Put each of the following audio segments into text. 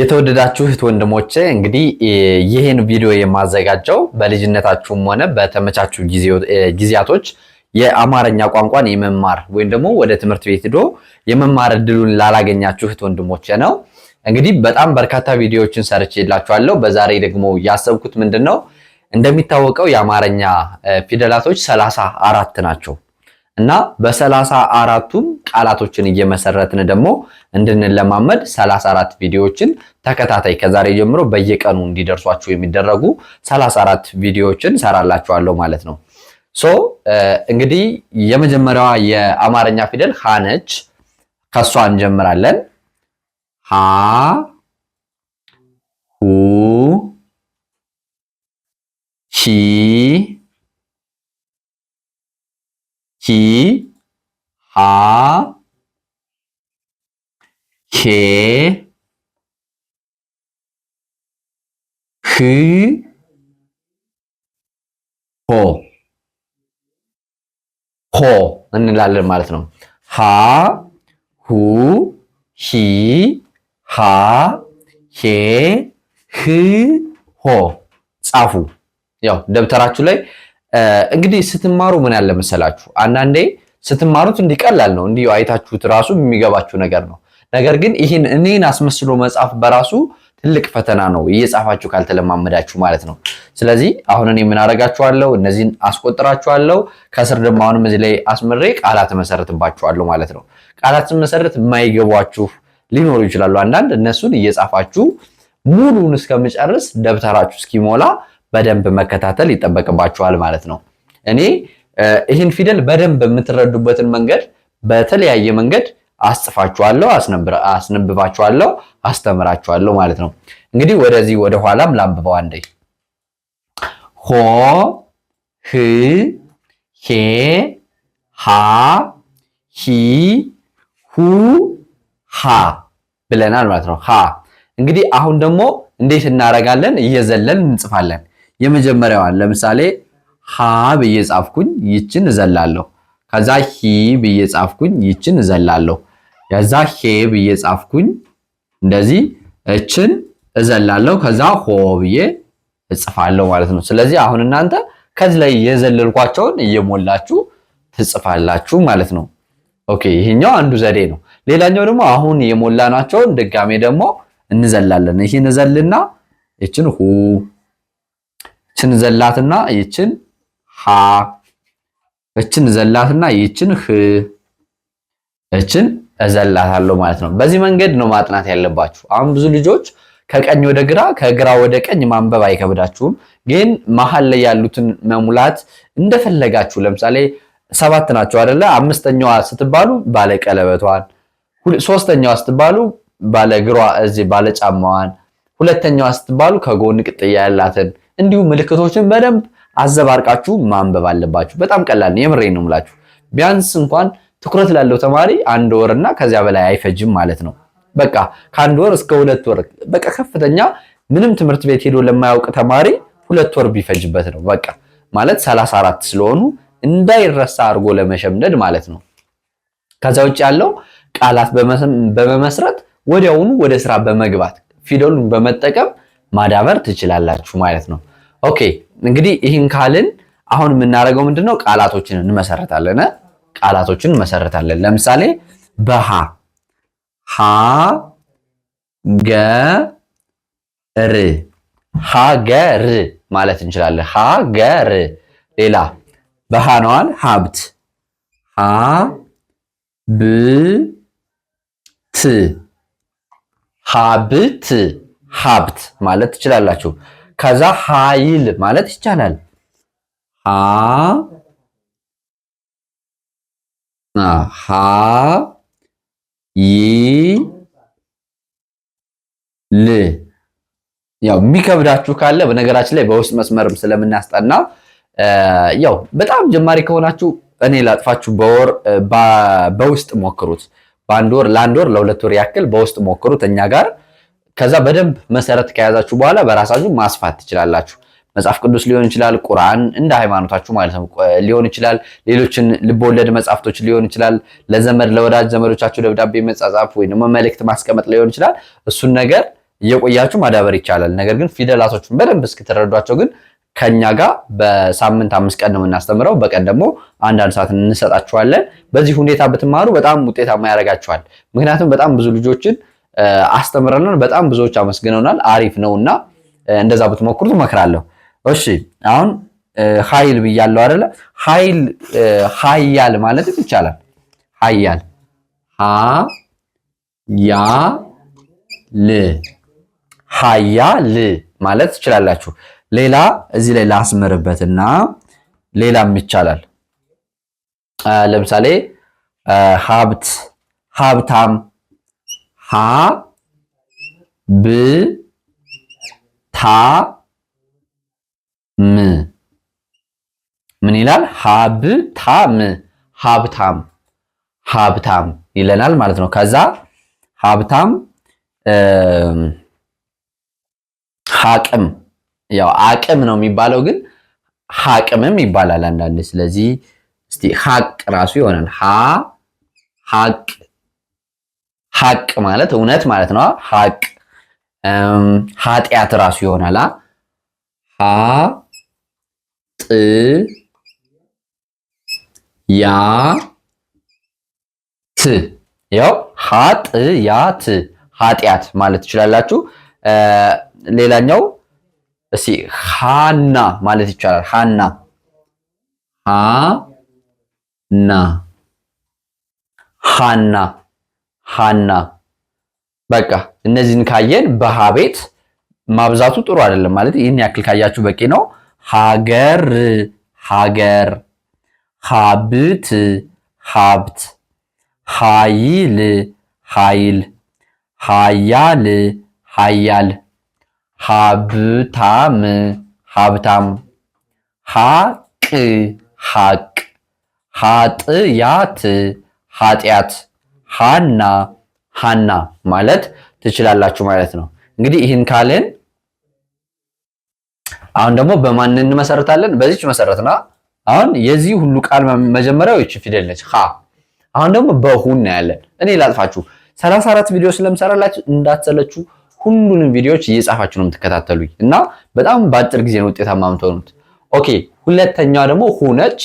የተወደዳችሁ እህት ወንድሞቼ እንግዲህ ይህን ቪዲዮ የማዘጋጀው በልጅነታችሁም ሆነ በተመቻችሁ ጊዜያቶች የአማርኛ ቋንቋን የመማር ወይም ደግሞ ወደ ትምህርት ቤት ሂዶ የመማር እድሉን ላላገኛችሁ እህት ወንድሞቼ ነው። እንግዲህ በጣም በርካታ ቪዲዮዎችን ሰርች የላችኋለሁ። በዛሬ ደግሞ ያሰብኩት ምንድን ነው፣ እንደሚታወቀው የአማርኛ ፊደላቶች ሰላሳ አራት ናቸው። እና በሰላሳ አራቱም ቃላቶችን እየመሰረትን ደግሞ እንድንለማመድ ሰላሳ አራት ቪዲዮዎችን ተከታታይ ከዛሬ ጀምሮ በየቀኑ እንዲደርሷችሁ የሚደረጉ ሰላሳ አራት ቪዲዮዎችን ሰራላችኋለሁ ማለት ነው። ሶ እንግዲህ የመጀመሪያዋ የአማርኛ ፊደል ሀ ነች። ከሷ እንጀምራለን። ሀ ሁ ሂ ሂ ሃ ሄ ህ ሆ ሆ እንላለን ማለት ነው። ሃ ሁ ሂ ሃ ሄ ህ ሆ ጻፉ። ያው ደብተራችሁ ላይ እንግዲህ ስትማሩ ምን ያለ መሰላችሁ፣ አንዳንዴ ስትማሩት እንዲቀላል ነው እንዲ አይታችሁት ራሱ የሚገባችሁ ነገር ነው። ነገር ግን ይህን እኔን አስመስሎ መጻፍ በራሱ ትልቅ ፈተና ነው፣ እየጻፋችሁ ካልተለማመዳችሁ ማለት ነው። ስለዚህ አሁን እኔ ምን አደርጋችኋለሁ? እነዚህን አስቆጥራችኋለሁ። ከስር ደግሞ አሁንም እዚህ ላይ አስምሬ ቃላት መሰረትባችኋለሁ ማለት ነው። ቃላት መሰረት የማይገቧችሁ ሊኖሩ ይችላሉ። አንዳንድ እነሱን እየጻፋችሁ ሙሉን እስከምጨርስ ደብተራችሁ እስኪሞላ በደንብ መከታተል ይጠበቅባችኋል ማለት ነው። እኔ ይህን ፊደል በደንብ የምትረዱበትን መንገድ በተለያየ መንገድ አስጽፋችኋለሁ፣ አስነብባችኋለሁ፣ አስተምራችኋለሁ ማለት ነው። እንግዲህ ወደዚህ ወደኋላም ላንብበው አንዴ ሆ ህ ሄ ሃ ሂ ሁ ሃ ብለናል ማለት ነው። ሃ እንግዲህ አሁን ደግሞ እንዴት እናደርጋለን? እየዘለን እንጽፋለን። የመጀመሪያዋን ለምሳሌ ሀ ብዬ ጻፍኩኝ ይችን እዘላለሁ። ከዛ ሂ ብዬ ጻፍኩኝ ይችን እዘላለሁ። ከዛ ሄ ብዬ ጻፍኩኝ እንደዚህ እችን እዘላለሁ። ከዛ ሆ ብዬ እጽፋለሁ ማለት ነው። ስለዚህ አሁን እናንተ ከዚህ ላይ የዘለልኳቸውን እየሞላችሁ ትጽፋላችሁ ማለት ነው። ኦኬ ይሄኛው አንዱ ዘዴ ነው። ሌላኛው ደግሞ አሁን የሞላናቸውን ድጋሜ ደግሞ እንዘላለን። ይህን እዘልና ይችን ሁ እችን ዘላትና ይችን ሀ እችን ዘላትና ይችን ህ እችን አለው ማለት ነው። በዚህ መንገድ ነው ማጥናት ያለባችሁ። አሁን ብዙ ልጆች ከቀኝ ወደ ግራ ከግራ ወደ ቀኝ ማንበብ አይከብዳችሁም፣ ግን መሀል ላይ ያሉትን መሙላት እንደፈለጋችሁ። ለምሳሌ ሰባት ናቸው አይደለ? አምስተኛዋ ስትባሉ ባለ ቀለበቷን፣ ሶስተኛዋ ስትባሉ ባለ ግሯ እዚህ ባለ ጫማዋን፣ ሁለተኛዋ ስትባሉ ከጎን ቅጥያ ያላትን እንዲሁም ምልክቶችን በደንብ አዘባርቃችሁ ማንበብ አለባችሁ። በጣም ቀላል ነው። የምሬ ነው የምላችሁ። ቢያንስ እንኳን ትኩረት ላለው ተማሪ አንድ ወር እና ከዚያ በላይ አይፈጅም ማለት ነው። በቃ ከአንድ ወር እስከ ሁለት ወር በቃ ከፍተኛ ምንም ትምህርት ቤት ሄዶ ለማያውቅ ተማሪ ሁለት ወር ቢፈጅበት ነው በቃ ማለት 34 ስለሆኑ እንዳይረሳ አድርጎ ለመሸምደድ ማለት ነው። ከዛ ውጭ ያለው ቃላት በመመስረት ወዲያውኑ ወደ ስራ በመግባት ፊደሉን በመጠቀም ማዳበር ትችላላችሁ ማለት ነው። ኦኬ እንግዲህ ይህን ካልን አሁን የምናደርገው ምንድነው? ቃላቶችን እንመሰረታለን። ቃላቶችን እንመሰረታለን። ለምሳሌ በሃ ሃ ገ ር ሀገር ማለት እንችላለን። ሀገር ሌላ በሃ ነዋል ሀብት ሀ ብ ት ሀብት ሀብት ማለት ትችላላችሁ። ከዛ ኃይል ማለት ይቻላል። ሀ ሀ ይ ል ያው የሚከብዳችሁ ካለ በነገራችን ላይ በውስጥ መስመርም ስለምናስጠና ያው በጣም ጀማሪ ከሆናችሁ እኔ ላጥፋችሁ በወር በውስጥ ሞክሩት። በአንድ ወር ለአንድ ወር ለሁለት ወር ያክል በውስጥ ሞክሩት እኛ ጋር ከዛ በደንብ መሰረት ከያዛችሁ በኋላ በራሳችሁ ማስፋት ትችላላችሁ። መጽሐፍ ቅዱስ ሊሆን ይችላል፣ ቁርአን እንደ ሃይማኖታችሁ ማለት ነው ሊሆን ይችላል፣ ሌሎችን ልቦወለድ መጽሐፍቶች ሊሆን ይችላል፣ ለዘመድ ለወዳጅ ዘመዶቻችሁ ደብዳቤ መጻጻፍ ወይ ደግሞ መልእክት ማስቀመጥ ሊሆን ይችላል። እሱን ነገር እየቆያችሁ ማዳበር ይቻላል። ነገር ግን ፊደላቶቹን በደንብ እስክትረዷቸው ግን ከኛ ጋር በሳምንት አምስት ቀን ነው የምናስተምረው። በቀን ደግሞ አንዳንድ ሰዓት እንሰጣችኋለን። በዚህ ሁኔታ ብትማሩ በጣም ውጤታማ ያደርጋችኋል። ምክንያቱም በጣም ብዙ ልጆችን አስተምረናል። በጣም ብዙዎች አመስግነውናል። አሪፍ ነው እና እንደዛ ብትሞክሩት እመክራለሁ። እሺ አሁን ኃይል ብያለሁ አይደለ? ኃይል ኃያል ማለትም ይቻላል። ኃያል ሀ ያ ል ሀያ ል ማለት ትችላላችሁ። ሌላ እዚህ ላይ ላስምርበትና ሌላም ይቻላል። ለምሳሌ ሀብት ሀብታም ሀ ብ ታ ም ምን ይላል? ሀብታም ሀብታም ሀብታም ይለናል ማለት ነው። ከዛ ሀብታም ሀቅም ያው አቅም ነው የሚባለው፣ ግን ሀቅምም ይባላል አንዳንድ። ስለዚህ እስቲ ሀቅ ራሱ ይሆናል ሀ ሀቅ ሀቅ ማለት እውነት ማለት ነው። ሀቅ ኃጢአት ራሱ ይሆናል። ሀ ጥ ያ ት ያው ሀጥ ያ ት ኃጢአት ማለት ትችላላችሁ። ሌላኛው እሺ ሃና ማለት ይቻላል። ሃና ሃና ሃና ሃና። በቃ እነዚህን ካየን በሃ ቤት ማብዛቱ ጥሩ አይደለም ማለት ይህን ያክል ካያችሁ በቂ ነው። ሀገር ሀገር፣ ሀብት ሀብት፣ ሀይል ሀይል፣ ሀያል ሀያል፣ ሀብታም ሀብታም፣ ሀቅ ሀቅ፣ ሀጥያት ሀጢያት ሃና ሃና ማለት ትችላላችሁ ማለት ነው። እንግዲህ ይህን ካልን አሁን ደግሞ በማን እንመሰረታለን? በዚች መሰረትና አሁን የዚህ ሁሉ ቃል መጀመሪያው ይች ፊደል ነች ሃ። አሁን ደግሞ በሁ እናያለን። እኔ ላጥፋችሁ። 34 ቪዲዮ ስለምሰራላችሁ እንዳትሰለችሁ ሁሉንም ቪዲዮዎች እየጻፋችሁ ነው የምትከታተሉኝ እና በጣም በአጭር ጊዜ ነው ውጤታማ የምትሆኑት። ኦኬ ሁለተኛዋ ደግሞ ሁ ነች።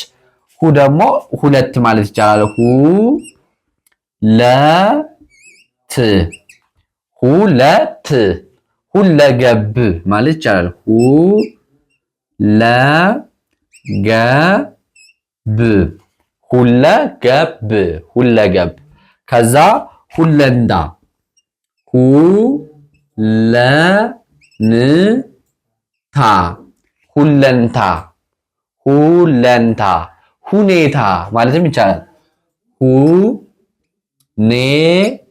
ሁ ደግሞ ሁለት ማለት ይቻላል ሁ ለት ሁለት ሁለገብ ማለት ይቻላል። ሁለገብ ሁለገብ ሁለገብ ከዛ ሁለንዳ ሁለንታ ሁለንታ ሁለንታ ሁኔታ ማለትም ይቻላል። ኔታ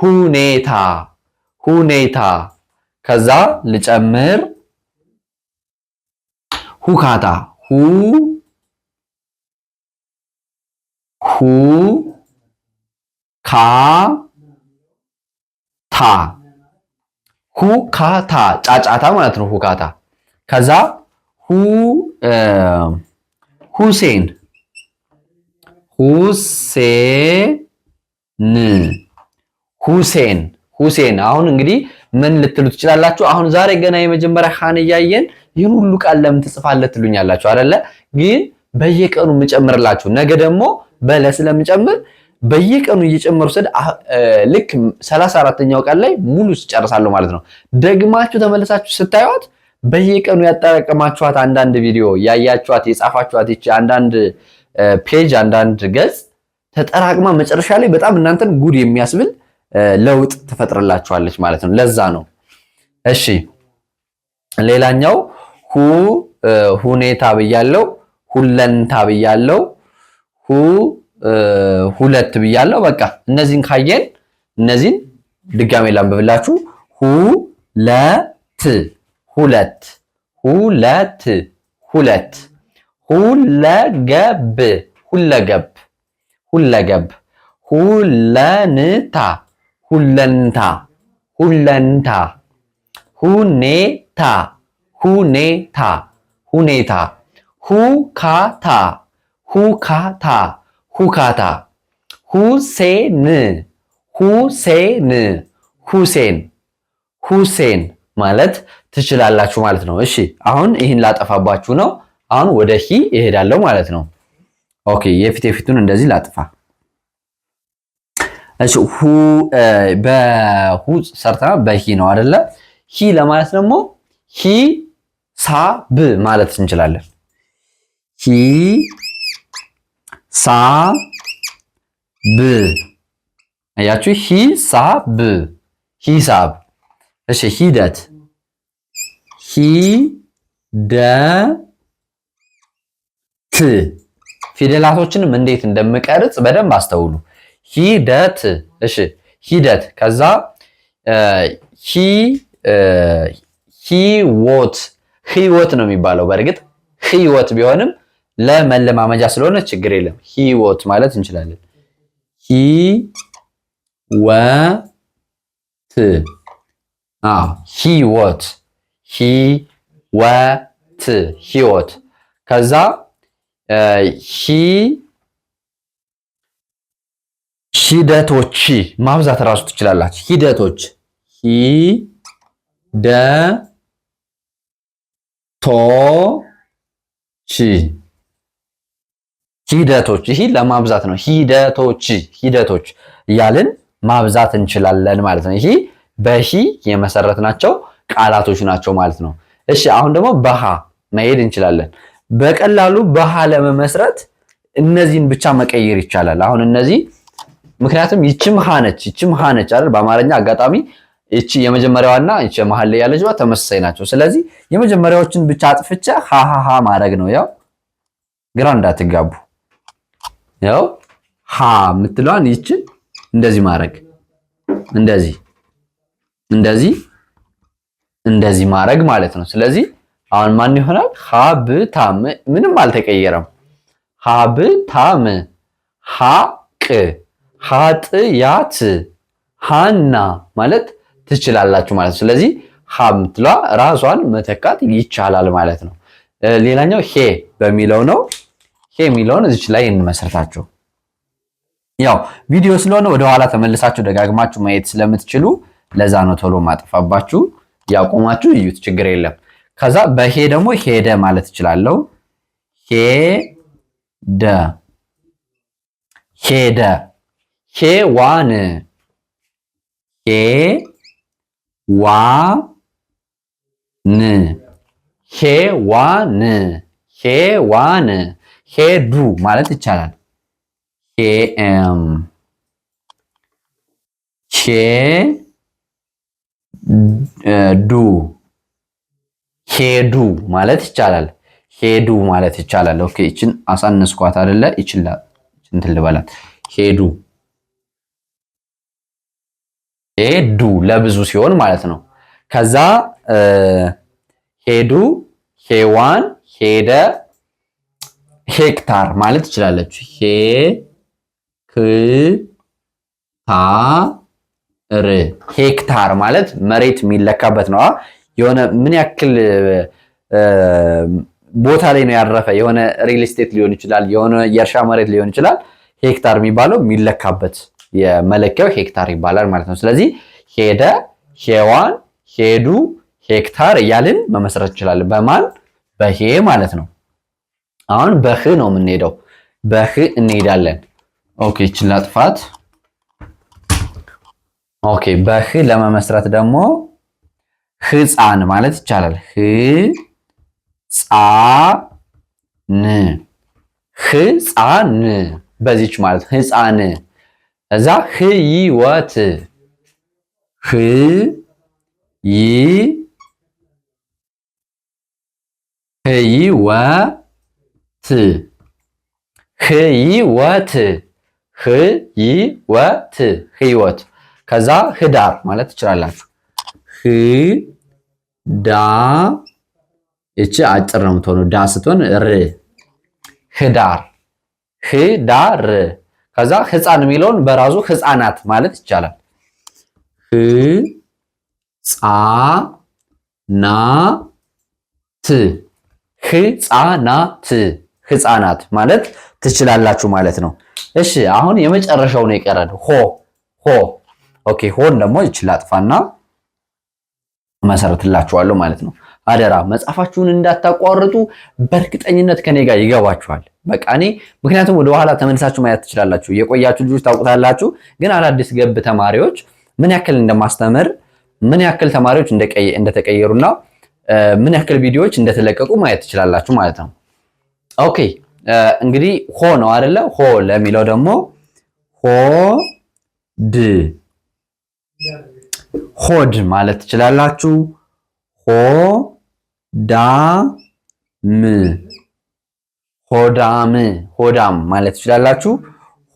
ሁኔታ ሁኔታ ከዛ ልጨምር ሁካታ ሁ ሁ ካ ታ ሁካታ ጫጫታ ማለት ነው። ሁካታ ከዛ ሁ ሁሴን ሁሴን ሁሴን ሁሴን። አሁን እንግዲህ ምን ልትሉ ትችላላችሁ? አሁን ዛሬ ገና የመጀመሪያ ሀን እያየን ይህን ሁሉ ቃል ለምን ትጽፋለህ ትሉኛላችሁ አይደለ? ግን በየቀኑ የምጨምርላችሁ ነገ ደግሞ በለ ስለምጨምር በየቀኑ እየጨመሩ ስድ ልክ ሰላሳ አራተኛው ቀን ላይ ሙሉ ጨርሳለሁ ማለት ነው። ደግማችሁ ተመለሳችሁ ስታዩት በየቀኑ ያጠራቀማችኋት አንዳንድ ቪዲዮ ያያችኋት የጻፋችኋት ይቺ አንዳንድ ፔጅ አንዳንድ ገጽ ተጠራቅማ መጨረሻ ላይ በጣም እናንተን ጉድ የሚያስብል ለውጥ ትፈጥርላችኋለች ማለት ነው። ለዛ ነው። እሺ ሌላኛው ሁ ሁኔታ ብያለው፣ ሁለንታ ብያለው፣ ሁ ሁለት ብያለው። በቃ እነዚህን ካየን እነዚህን ድጋሜ ላንብብላችሁ። ለት ሁለት ሁለት ሁለት ሁለገብ ሁለገብ ሁለገብ ሁለንታ ሁለንታ ሁለንታ ሁኔታ ሁኔታ ሁኔታ ሁካታ ሁካታ ሁካታ ሁሴን ሁሴን ሁሴን ሁሴን ማለት ትችላላችሁ ማለት ነው። እሺ አሁን ይህን ላጠፋባችሁ ነው። አሁን ወደ ሂ ይሄዳለው ማለት ነው። ኦኬ የፊት የፊቱን እንደዚህ ላጥፋ። እሺ ሁ በሁ ሰርተና በሂ ነው አይደለ? ሂ ለማለት ደግሞ ሂ ሳ ብ ማለት እንችላለን። ሂ ሳ ብ አያችሁ፣ ሂ ሳ ብ ሂሳብ። እሺ ሂደት ደ ት ፊደላቶችንም እንዴት እንደምቀርጽ በደንብ አስተውሉ። ሂደት እሺ፣ ሂደት ከዛ ሂ ሂወት ህይወት ነው የሚባለው። በእርግጥ ህይወት ቢሆንም ለመለማመጃ ስለሆነ ችግር የለም ህይወት ማለት እንችላለን። ሂወት ህይወት ህይወት ህይወት ከዛ ሂ ሂደቶች ማብዛት እራሱ ትችላላችሁ። ሂደቶች ሂደቶች ሂደቶች ይህ ለማብዛት ነው። ሂደቶች ሂደቶች እያልን ማብዛት እንችላለን ማለት ነው። ይሄ በሂ የመሰረት ናቸው ቃላቶች ናቸው ማለት ነው። እሺ አሁን ደግሞ በሃ መሄድ እንችላለን። በቀላሉ በሃ ለመመስረት እነዚህን ብቻ መቀየር ይቻላል። አሁን እነዚህ ምክንያቱም ይችም ሃ ነች ይችም ሃ ነች አይደል? በአማርኛ አጋጣሚ ይቺ የመጀመሪያዋና ይቺ መሀል ላይ ያለችዋ ተመሳሳይ ናቸው። ስለዚህ የመጀመሪያዎችን ብቻ አጥፍቼ ሃሃሃ ማድረግ ነው። ያው ግራ እንዳትጋቡ፣ ያው ሃ የምትለዋን ይችን እንደዚህ ማድረግ እንደዚህ እንደዚህ እንደዚህ ማድረግ ማለት ነው። ስለዚህ አሁን ማን ይሆናል? ሀብታም ምንም አልተቀየረም። ሀብታም፣ ሀቅ፣ ሀጥያት፣ ሃና ማለት ትችላላችሁ ማለት ነው። ስለዚህ ሀ ምትሏ ራሷን መተካት ይቻላል ማለት ነው። ሌላኛው ሄ በሚለው ነው። ሄ የሚለውን እዚች ላይ እንመሰርታችሁ። ያው ቪዲዮ ስለሆነ ወደኋላ ተመልሳችሁ ደጋግማችሁ ማየት ስለምትችሉ ለዛ ነው ቶሎ ማጠፋባችሁ። ያቆማችሁ እዩት፣ ችግር የለም። ከዛ በሄ ደግሞ ሄደ ማለት እችላለሁ። ሄደ ሄደ ሄዋን ሄዋን ሄዋን ሄ ሄዱ ማለት ይቻላል። ሄዱ ሄዱ ማለት ይቻላል። ሄዱ ማለት ይቻላል። ኦኬ እቺን አሳነስኳት አይደለ? ይችላ እንትን ልበላት ሄዱ ሄዱ ለብዙ ሲሆን ማለት ነው። ከዛ ሄዱ፣ ሄዋን፣ ሄደ፣ ሄክታር ማለት ይችላለች። ሄክታር ሄክታር ማለት መሬት የሚለካበት ነው። የሆነ ምን ያክል ቦታ ላይ ነው ያረፈ፣ የሆነ ሪል ስቴት ሊሆን ይችላል፣ የሆነ የእርሻ መሬት ሊሆን ይችላል። ሄክታር የሚባለው የሚለካበት የመለኪያው ሄክታር ይባላል ማለት ነው። ስለዚህ ሄደ፣ ሄዋን፣ ሄዱ፣ ሄክታር እያልን መመስረት እንችላለን። በማን በሄ ማለት ነው። አሁን በህ ነው የምንሄደው፣ በህ እንሄዳለን። ኦኬ ይችን ላጥፋት። ኦኬ በህ ለመመስረት ደግሞ ህፃን ማለት ይቻላል። ህፃን ህፃን በዚች ማለት ህፃን እዛ ህይወት ህይወት ህይወት ህይወት ህይወት ከዛ ህዳር ማለት ትችላላችሁ። ዳ እቺ አጭር ነው የምትሆነው። ዳ ስትሆን ር ህዳር ህዳር። ከዛ ህፃን የሚለውን በራሱ ህፃናት ማለት ይቻላል። ህጻናት ህፃናት ህፃናት ማለት ትችላላችሁ ማለት ነው። እሺ አሁን የመጨረሻው ነው የቀረን ሆ ሆ። ኦኬ ሆን ደግሞ ይችላል አጥፋና መሰረትላችኋለሁ ማለት ነው። አደራ መጽሐፋችሁን እንዳታቋርጡ። በእርግጠኝነት ከኔ ጋር ይገባችኋል። በቃ እኔ ምክንያቱም ወደ ኋላ ተመልሳችሁ ማየት ትችላላችሁ። የቆያችሁ ልጆች ታውቁታላችሁ። ግን አዳዲስ ገብ ተማሪዎች ምን ያክል እንደማስተምር ምን ያክል ተማሪዎች እንደተቀየሩና ምን ያክል ቪዲዮዎች እንደተለቀቁ ማየት ትችላላችሁ ማለት ነው። ኦኬ እንግዲህ ሆ ነው አደለ? ሆ ለሚለው ደግሞ ሆ ድ ሆድ ማለት ትችላላችሁ። ሆ ዳ ም ሆዳም ሆዳም ማለት ትችላላችሁ።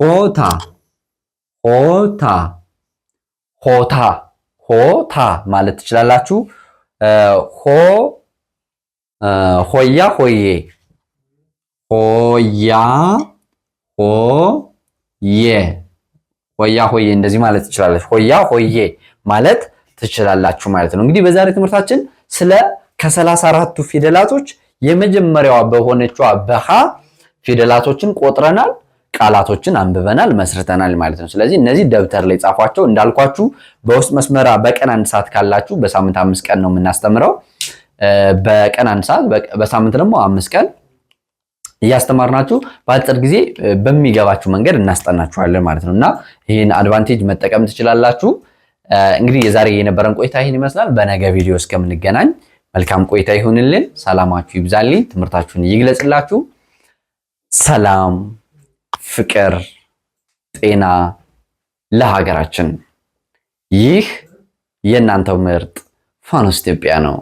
ሆታ ሆታ ሆታ ሆታ ማለት ትችላላችሁ። ሆ ሆያ ሆዬ ሆያ ሆዬ ሆያ ሆዬ እንደዚህ ማለት ትችላለች። ሆያ ሆዬ ማለት ትችላላችሁ ማለት ነው። እንግዲህ በዛሬ ትምህርታችን ስለ ከሰላሳ አራቱ ፊደላቶች የመጀመሪያዋ በሆነችዋ በሃ ፊደላቶችን ቆጥረናል፣ ቃላቶችን አንብበናል፣ መስርተናል ማለት ነው። ስለዚህ እነዚህ ደብተር ላይ ጻፏቸው። እንዳልኳችሁ በውስጥ መስመራ በቀን አንድ ሰዓት ካላችሁ በሳምንት አምስት ቀን ነው የምናስተምረው። በቀን አንድ ሰዓት በሳምንት ደግሞ አምስት ቀን እያስተማርናችሁ በአጭር ጊዜ በሚገባችሁ መንገድ እናስጠናችኋለን ማለት ነው እና ይህን አድቫንቴጅ መጠቀም ትችላላችሁ። እንግዲህ የዛሬ የነበረን ቆይታ ይህን ይመስላል። በነገ ቪዲዮ እስከምንገናኝ መልካም ቆይታ ይሁንልን። ሰላማችሁ ይብዛልኝ፣ ትምህርታችሁን ይግለጽላችሁ። ሰላም፣ ፍቅር፣ ጤና ለሀገራችን። ይህ የእናንተው ምርጥ ፋኖስ ኢትዮጵያ ነው።